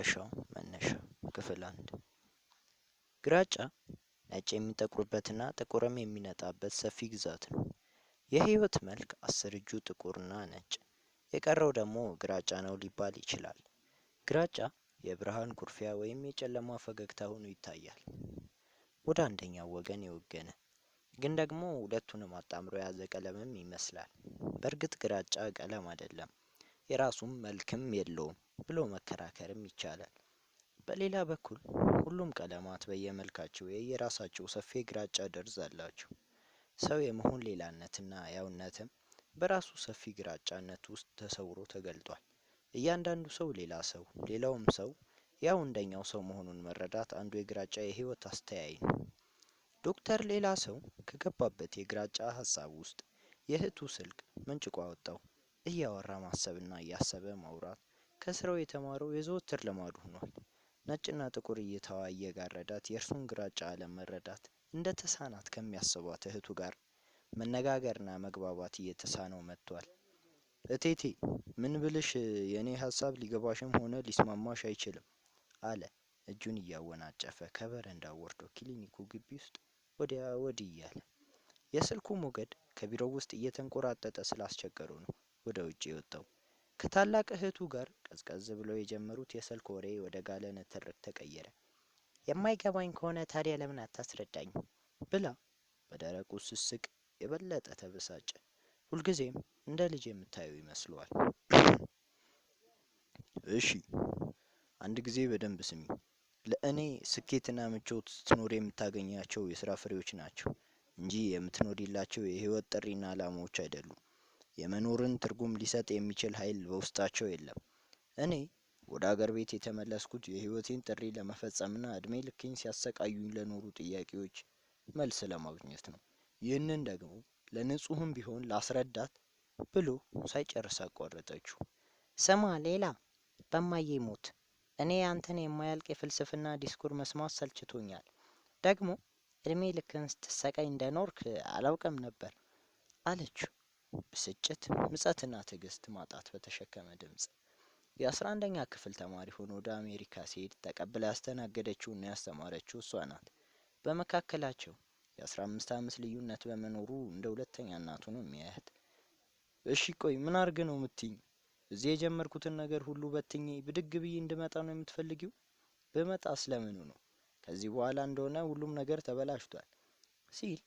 የመጨረሻው መነሻ ክፍል አንድ ግራጫ ነጭ የሚጠቁርበትና ጥቁርም የሚነጣበት ሰፊ ግዛት ነው። የህይወት መልክ አስር እጁ ጥቁርና ነጭ፣ የቀረው ደግሞ ግራጫ ነው ሊባል ይችላል። ግራጫ የብርሃን ኩርፊያ ወይም የጨለማ ፈገግታ ሆኖ ይታያል። ወደ አንደኛው ወገን የወገነ ግን ደግሞ ሁለቱንም አጣምሮ የያዘ ቀለምም ይመስላል። በእርግጥ ግራጫ ቀለም አይደለም፣ የራሱም መልክም የለውም። ብሎ መከራከርም ይቻላል። በሌላ በኩል ሁሉም ቀለማት በየመልካቸው የየራሳቸው ሰፊ ግራጫ ደርዝ አላቸው። ሰው የመሆን ሌላነትና ያውነትም በራሱ ሰፊ ግራጫነት ውስጥ ተሰውሮ ተገልጧል። እያንዳንዱ ሰው ሌላ ሰው፣ ሌላውም ሰው ያው እንደኛው ሰው መሆኑን መረዳት አንዱ የግራጫ የህይወት አስተያይ ነው። ዶክተር ሌላ ሰው ከገባበት የግራጫ ሀሳብ ውስጥ የእህቱ ስልክ መንጭቆ አወጣው። እያወራ ማሰብና እያሰበ ማውራት ከስራው የተማረው የዘወትር ልማዱ ሆኗል። ነጭና ጥቁር እይታዋ እየጋረዳት የእርሱን ግራጫ ዓለም መረዳት እንደ ተሳናት ከሚያስቧት እህቱ ጋር መነጋገርና መግባባት እየተሳነው መጥቷል። እቴቴ ምን ብልሽ የእኔ ሀሳብ ሊገባሽም ሆነ ሊስማማሽ አይችልም አለ እጁን እያወናጨፈ ከበረንዳው ወርዶ ክሊኒኩ ግቢ ውስጥ ወዲያ ወዲህ እያለ። የስልኩ ሞገድ ከቢሮው ውስጥ እየተንቆራጠጠ ስላስቸገረው ነው ወደ ውጭ የወጣው። ከታላቅ እህቱ ጋር ቀዝቀዝ ብለው የጀመሩት የስልክ ወሬ ወደ ጋለ ንትርክ ተቀየረ። የማይገባኝ ከሆነ ታዲያ ለምን አታስረዳኝ? ብላ በደረቁ ስስቅ የበለጠ ተበሳጨ። ሁልጊዜም እንደ ልጅ የምታየው ይመስለዋል። እሺ አንድ ጊዜ በደንብ ስሚ። ለእኔ ስኬትና ምቾት ስትኖር የምታገኛቸው የስራ ፍሬዎች ናቸው እንጂ የምትኖሪላቸው የህይወት ጥሪና ዓላማዎች አይደሉም። የመኖርን ትርጉም ሊሰጥ የሚችል ኃይል በውስጣቸው የለም። እኔ ወደ አገር ቤት የተመለስኩት የህይወቴን ጥሪ ለመፈጸምና እድሜ ልኬን ሲያሰቃዩኝ ለኖሩ ጥያቄዎች መልስ ለማግኘት ነው። ይህንን ደግሞ ለንጹህም ቢሆን ላስረዳት ብሎ ሳይጨርስ አቋረጠችው። ስማ ሌላ በማዬ ሞት እኔ ያንተን የማያልቅ የፍልስፍና ዲስኩር መስማት ሰልችቶኛል። ደግሞ እድሜ ልክን ስትሰቃይ እንደኖርክ አላውቅም ነበር አለችው። ብስጭት፣ ምጸትና ትዕግስት ማጣት በተሸከመ ድምፅ። የአስራአንደኛ ክፍል ተማሪ ሆኖ ወደ አሜሪካ ሲሄድ ተቀብላ ያስተናገደችውና ያስተማረችው እሷ ናት። በመካከላቸው የ15 ዓመት ልዩነት በመኖሩ እንደ ሁለተኛ እናቱ ነው የሚያያት። እሺ ቆይ ምን አርግ ነው ምትኝ? እዚህ የጀመርኩትን ነገር ሁሉ በትኜ ብድግ ብዬ እንድመጣ ነው የምትፈልጊው? ብመጣ ስለምኑ ነው? ከዚህ በኋላ እንደሆነ ሁሉም ነገር ተበላሽቷል ሲል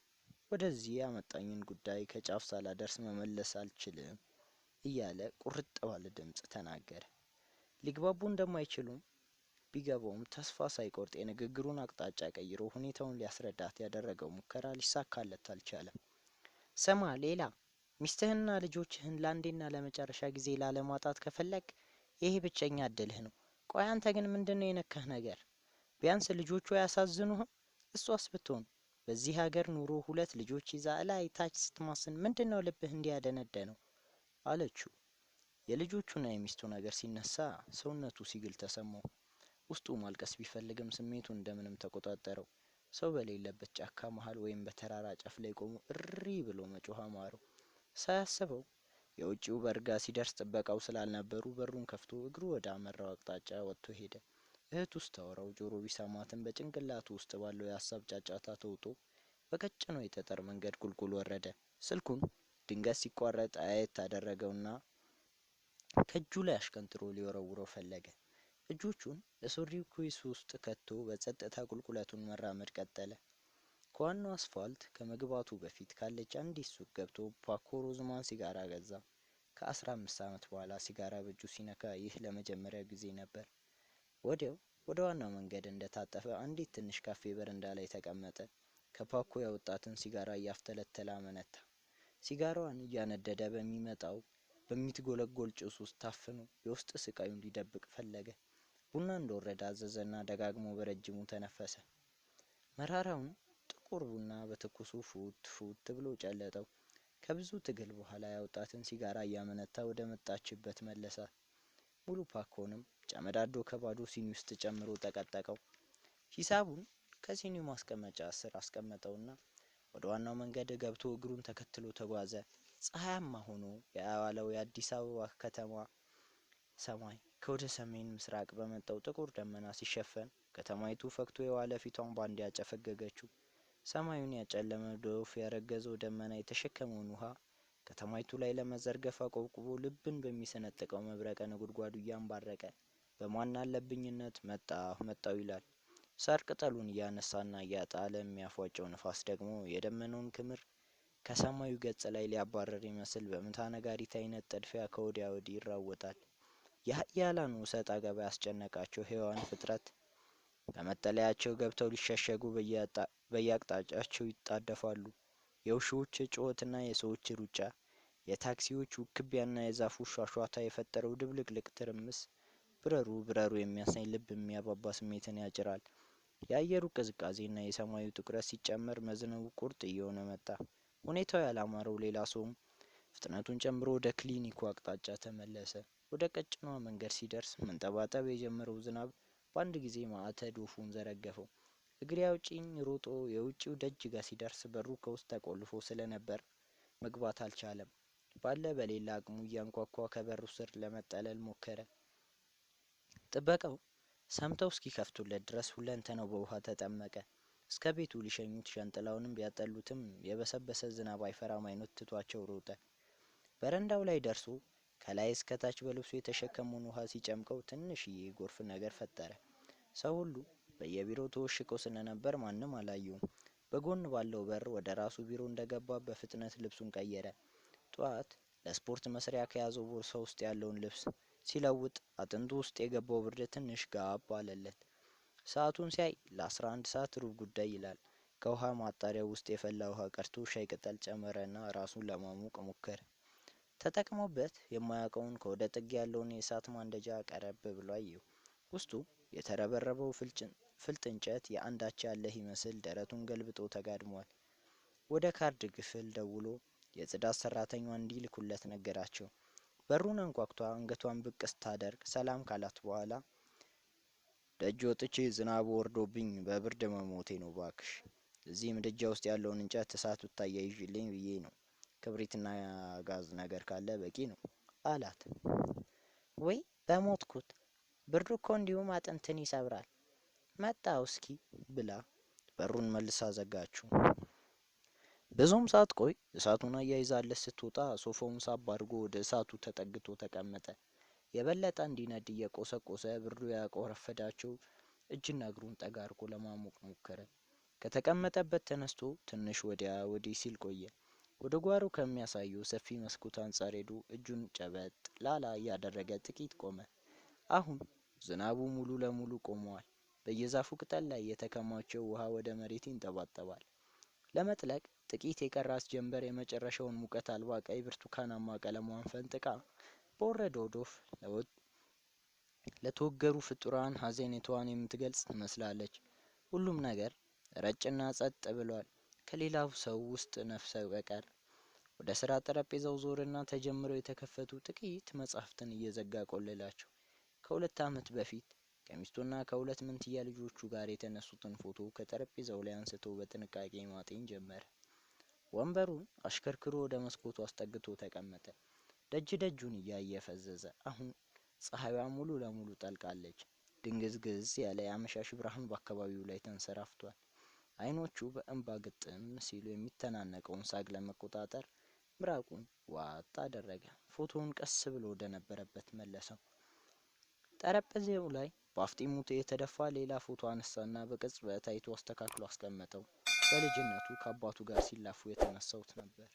ወደዚህ ያመጣኝን ጉዳይ ከጫፍ ሳላደርስ መመለስ አልችልም እያለ ቁርጥ ባለ ድምፅ ተናገረ። ሊግባቡ እንደማይችሉም ቢገባውም ተስፋ ሳይቆርጥ የንግግሩን አቅጣጫ ቀይሮ ሁኔታውን ሊያስረዳት ያደረገው ሙከራ ሊሳካለት አልቻለም። ስማ፣ ሌላ ሚስትህንና ልጆችህን ለአንዴና ለመጨረሻ ጊዜ ላለማጣት ከፈለግ ይሄ ብቸኛ እድልህ ነው። ቆይ አንተ ግን ምንድን ነው የነካህ ነገር? ቢያንስ ልጆቹ አያሳዝኑህም? እሷስ ብትሆን በዚህ ሀገር ኑሮ ሁለት ልጆች ይዛ እላይ ታች ስትማስን ምንድን ነው ልብህ እንዲያደነደነው? አለችው። የልጆቹና የሚስቱ ነገር ሲነሳ ሰውነቱ ሲግል ተሰማው። ውስጡ ማልቀስ ቢፈልግም ስሜቱ እንደምንም ተቆጣጠረው። ሰው በሌለበት ጫካ መሀል ወይም በተራራ ጫፍ ላይ ቆሞ እሪ ብሎ መጮህ አማረው። ሳያስበው የውጭው በርጋ ሲደርስ ጥበቃው ስላልነበሩ በሩን ከፍቶ እግሩ ወደ አመራው አቅጣጫ ወጥቶ ሄደ። እህቱ ስታወራው ጆሮ ቢሰማትም በጭንቅላቱ ውስጥ ባለው የሀሳብ ጫጫታ ተውጦ በቀጭነው የጠጠር መንገድ ቁልቁል ወረደ። ስልኩን ድንገት ሲቋረጥ አየት አደረገውና ከእጁ ላይ አሽቀንጥሮ ሊወረውረው ፈለገ። እጆቹን በሱሪው ኪስ ውስጥ ከቶ በጸጥታ ቁልቁለቱን መራመድ ቀጠለ። ከዋናው አስፋልት ከመግባቱ በፊት ካለች አንዲት ሱቅ ገብቶ ፓኮ ሮዝማን ሲጋራ ገዛ። ከአስራ አምስት ዓመት በኋላ ሲጋራ በእጁ ሲነካ ይህ ለመጀመሪያ ጊዜ ነበር። ወዲያው ወደ ዋናው መንገድ እንደታጠፈ አንዲት ትንሽ ካፌ በረንዳ ላይ ተቀመጠ። ከፓኮ ያወጣትን ሲጋራ እያፍተለተለ አመነታ። ሲጋራዋን እያነደደ በሚመጣው በሚትጎለጎል ጭስ ውስጥ ታፍኖ የውስጥ ስቃዩን ሊደብቅ ፈለገ። ቡና እንደወረደ አዘዘና ደጋግሞ በረጅሙ ተነፈሰ። መራራውን ጥቁር ቡና በትኩሱ ፉት ፉት ብሎ ጨለጠው። ከብዙ ትግል በኋላ ያወጣትን ሲጋራ እያመነታ ወደ መጣችበት መለሳት። ሙሉ ፓኮንም ጨመዳዶ ከባዶ ሲኒ ውስጥ ጨምሮ ጠቀጠቀው። ሂሳቡን ከሲኒው ማስቀመጫ ስር አስቀመጠውና ወደ ዋናው መንገድ ገብቶ እግሩን ተከትሎ ተጓዘ። ፀሐያማ ሆኖ የዋለው የአዲስ አበባ ከተማ ሰማይ ከወደ ሰሜን ምስራቅ በመጣው ጥቁር ደመና ሲሸፈን፣ ከተማይቱ ፈክቶ የዋለ ፊቷን ባንድ ያጨፈገገችው ሰማዩን ያጨለመ ዶፍ ያረገዘው ደመና የተሸከመውን ውሃ ከተማይቱ ላይ ለመዘርገፍ አቆብቁቦ ልብን በሚሰነጥቀው መብረቀ ነጎድጓዱ እያንባረቀ በሟና አለብኝነት መጣሁ መጣሁ ይላል። ሳር ቅጠሉን እያነሳና እያጣለ የሚያፏጨው ንፋስ ደግሞ የደመናውን ክምር ከሰማዩ ገጽ ላይ ሊያባረር ይመስል በምታ ነጋሪት አይነት ጥድፊያ ከወዲያ ወዲህ ይራወጣል። የኃያላኑ ሰጣ አገባ ያስጨነቃቸው ሕያዋን ፍጥረት በመጠለያቸው ገብተው ሊሸሸጉ በየአቅጣጫቸው ይጣደፋሉ። የውሾች ጩኸትና የሰዎች ሩጫ፣ የታክሲዎች ውክቢያና የዛፉ ሿሿታ የፈጠረው ድብልቅልቅ ትርምስ ብረሩ ብረሩ የሚያሳይ ልብ የሚያባባ ስሜትን ያጭራል። የአየሩ ቅዝቃዜና የሰማዩ ትኩረት ሲጨመር መዝነቡ ቁርጥ እየሆነ መጣ። ሁኔታው ያላማረው ሌላ ሰውም ፍጥነቱን ጨምሮ ወደ ክሊኒኩ አቅጣጫ ተመለሰ። ወደ ቀጭኗ መንገድ ሲደርስ መንጠባጠብ የጀመረው ዝናብ በአንድ ጊዜ ማዕተድ ወፉን ዘረገፈው። እግሬ አውጪኝ ሮጦ የውጭው ደጅ ጋር ሲደርስ በሩ ከውስጥ ተቆልፎ ስለነበር መግባት አልቻለም። ባለ በሌላ አቅሙ እያንኳኳ ከበሩ ስር ለመጠለል ሞከረ። ጥበቃው ሰምተው እስኪከፍቱለት ድረስ ነው በውሃ ተጠመቀ። እስከ ቤቱ ሊሸኙት ዣንጥላውንም ቢያጠሉትም የበሰበሰ ዝናብ አይፈራም አይነት ትቷቸው ሮጠ። በረንዳው ላይ ደርሶ ከላይ እስከ ታች በልብሱ የተሸከመውን ውሃ ሲጨምቀው ትንሽዬ ጎርፍ ነገር ፈጠረ። ሰው ሁሉ በየቢሮው ተወሽቆ ስለነበር ማንም አላየውም። በጎን ባለው በር ወደ ራሱ ቢሮ እንደገባ በፍጥነት ልብሱን ቀየረ። ጠዋት ለስፖርት መስሪያ ከያዘው ቦርሳ ውስጥ ያለውን ልብስ ሲለውጥ አጥንቱ ውስጥ የገባው ብርድ ትንሽ ጋብ አለለት። ሰዓቱን ሲያይ ለ11 ሰዓት ሩብ ጉዳይ ይላል። ከውሃ ማጣሪያው ውስጥ የፈላ ውሃ ቀድቶ ሻይ ቅጠል ጨመረና ራሱን ለማሞቅ ሞከረ። ተጠቅሞበት የማያውቀውን ከወደ ጥግ ያለውን የእሳት ማንደጃ ቀረብ ብሎ አየው። ውስጡ የተረበረበው ፍልጥ እንጨት የአንዳች ያለህ ይመስል ደረቱን ገልብጦ ተጋድሟል። ወደ ካርድ ክፍል ደውሎ የጽዳት ሰራተኛዋን እንዲልኩለት ነገራቸው። በሩን አንኳኩታ አንገቷን ብቅ ስታደርግ ሰላም ካላት በኋላ ደጅ ወጥቼ ዝናቡ ወርዶብኝ በብርድ መሞቴ ነው ባክሽ። እዚህ ምድጃ ውስጥ ያለውን እንጨት እሳት ብታያይዥልኝ ብዬ ነው። ክብሪትና ጋዝ ነገር ካለ በቂ ነው አላት። ወይ በሞትኩት! ብርዱ እኮ እንዲሁም አጥንትን ይሰብራል። መጣው እስኪ ብላ በሩን መልሳ ዘጋችው። በዞም ሰዓት ቆይ እሳቱን አያይዛለች ስትወጣ ሶፋውን ሳብ አድርጎ ወደ እሳቱ ተጠግቶ ተቀመጠ። የበለጠ እንዲነድ እየቆሰቆሰ ብርዱ ያቆረፈዳቸው እጅና እግሩን ጠጋርጎ ለማሞቅ ሞከረ። ከተቀመጠበት ተነስቶ ትንሽ ወዲያ ወዲህ ሲል ቆየ። ወደ ጓሮ ከሚያሳየው ሰፊ መስኮት አንጻር ሄዶ እጁን ጨበጥ ላላ እያደረገ ጥቂት ቆመ። አሁን ዝናቡ ሙሉ ለሙሉ ቆመዋል። በየዛፉ ቅጠል ላይ የተከማቸው ውሃ ወደ መሬት ይንጠባጠባል። ለመጥለቅ ጥቂት የቀራት ጀንበር የመጨረሻውን ሙቀት አልባ ቀይ ብርቱካናማ ቀለሟን ፈንጥቃ በወረደው ዶፍ ለተወገሩ ፍጡራን ሀዘኔታዋን የምትገልጽ ትመስላለች። ሁሉም ነገር ረጭና ጸጥ ብሏል፣ ከሌላው ሰው ውስጥ ነፍሰ በቀር። ወደ ስራ ጠረጴዛው ዞርና ተጀምረው የተከፈቱ ጥቂት መጽሐፍትን እየዘጋ ቆልላቸው። ከሁለት ዓመት በፊት ከሚስቱና ከሁለት መንትያ ልጆቹ ጋር የተነሱትን ፎቶ ከጠረጴዛው ላይ አንስቶ በጥንቃቄ ማጤን ጀመረ። ወንበሩን አሽከርክሮ ወደ መስኮቱ አስጠግቶ ተቀመጠ። ደጅ ደጁን እያየ ፈዘዘ። አሁን ፀሐይዋ ሙሉ ለሙሉ ጠልቃለች። ድንግዝግዝ ያለ የአመሻሽ ብርሃን በአካባቢው ላይ ተንሰራፍቷል። አይኖቹ በእንባ ግጥም ሲሉ የሚተናነቀውን ሳግ ለመቆጣጠር ምራቁን ዋጥ አደረገ። ፎቶውን ቀስ ብሎ ወደ ነበረበት መለሰው። ጠረጴዛው ላይ በአፍጢሙ የተደፋ ሌላ ፎቶ አነሳና በቅጽበት አይቶ አስተካክሎ አስቀመጠው። በልጅነቱ ከአባቱ ጋር ሲላፉ የተነሳውት ነበር።